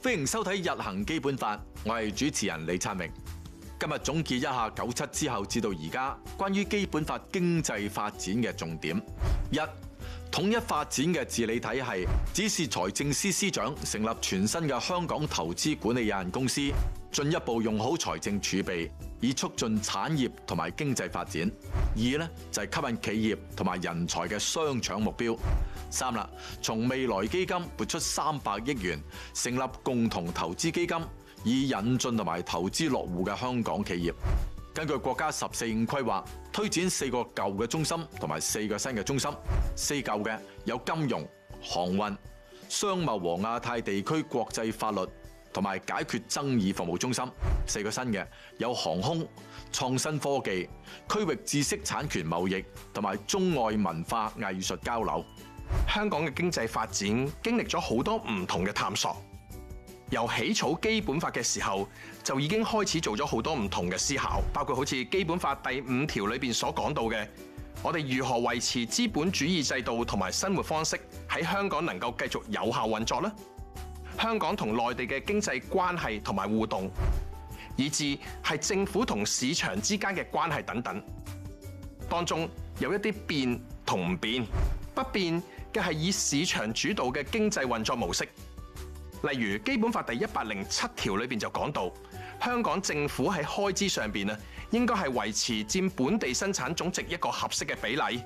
歡迎收睇《日行基本法》，我係主持人李燦榮。今日總結一下九七之後至到而家關於基本法經濟發展嘅重點：一、統一發展嘅治理體系，指示財政司司長成立全新嘅香港投資管理有限公司，進一步用好財政儲備，以促進產業同埋經濟發展；二呢就係吸引企業同埋人才嘅雙搶目標。三啦，從未來基金撥出三百億元成立共同投資基金，以引進同埋投資落戶嘅香港企業。根據國家十四五規劃，推展四個舊嘅中心同埋四個新嘅中心。四舊嘅有金融、航運、商貿和亞太地區國際法律同埋解決爭議服務中心。四個新嘅有航空、創新科技、區域知識產權貿易同埋中外文化藝術交流。香港嘅經濟發展經歷咗好多唔同嘅探索，由起草基本法嘅時候就已經開始做咗好多唔同嘅思考，包括好似基本法第五條裏面所講到嘅，我哋如何維持資本主義制度同埋生活方式喺香港能夠繼續有效運作呢？香港同內地嘅經濟關係同埋互動，以至係政府同市場之間嘅關係等等，當中有一啲變同唔變，不變，嘅係以市場主導嘅經濟運作模式，例如《基本法》第一百零七條裏邊就講到，香港政府喺開支上邊啊，應該係維持占本地生產總值一個合適嘅比例，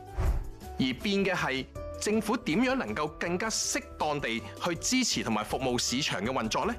而變嘅係政府點樣能夠更加適當地去支持同埋服務市場嘅運作咧？